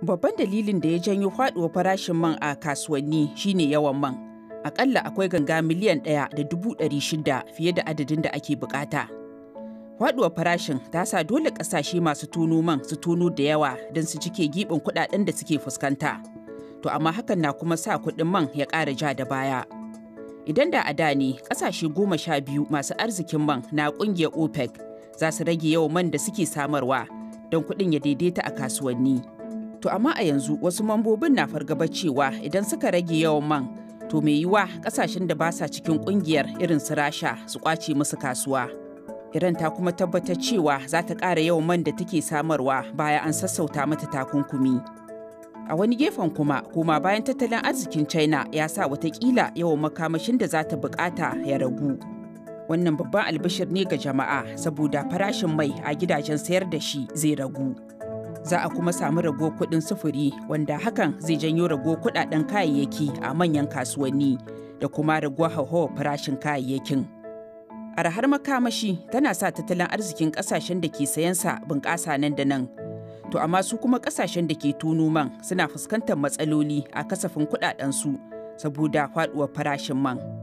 Babban dalilin da ya janyo faɗuwar farashin man a kasuwanni shine yawan man. Akalla akwai ganga miliyan ɗaya da dubu ɗari shida fiye da adadin da ake bukata. Faɗuwar farashin ta sa dole ƙasashe masu tono man su tono da yawa don su cike giɓin kuɗaɗen da suke fuskanta. To amma hakan na kuma sa kuɗin man ya ƙara ja da baya. Idan da a da ne ƙasashe goma sha biyu masu arzikin man na ƙungiyar OPEC za su rage yawan man da suke samarwa don kuɗin ya daidaita a kasuwanni. To amma a yanzu wasu mambobin na fargaba cewa idan suka rage yawan man to mai yiwa kasashen da ba sa cikin kungiyar irin su rasha su kwace musu kasuwa. Iran ta kuma tabbatar cewa za ta ƙara yawan man da take samarwa baya an sassauta mata takunkumi. A wani gefen kuma, koma bayan tattalin arzikin China ya sa watakila yawan makamashin da za ta bukata ya ragu. Wannan babban albishir ne ga jama'a saboda farashin mai a gidajen sayar da shi zai ragu. za a kuma samu rago kuɗin sufuri wanda hakan zai janyo rago kuɗaɗen kayayyaki a manyan kasuwanni da kuma rago hauhawar farashin kayayyakin. Arhar makamashi tana sa tattalin arzikin ƙasashen da ke sayansa bunƙasa nan da nan. To amma su kuma ƙasashen da ke tuno man suna fuskantar matsaloli a kasafin su saboda faɗuwar farashin man.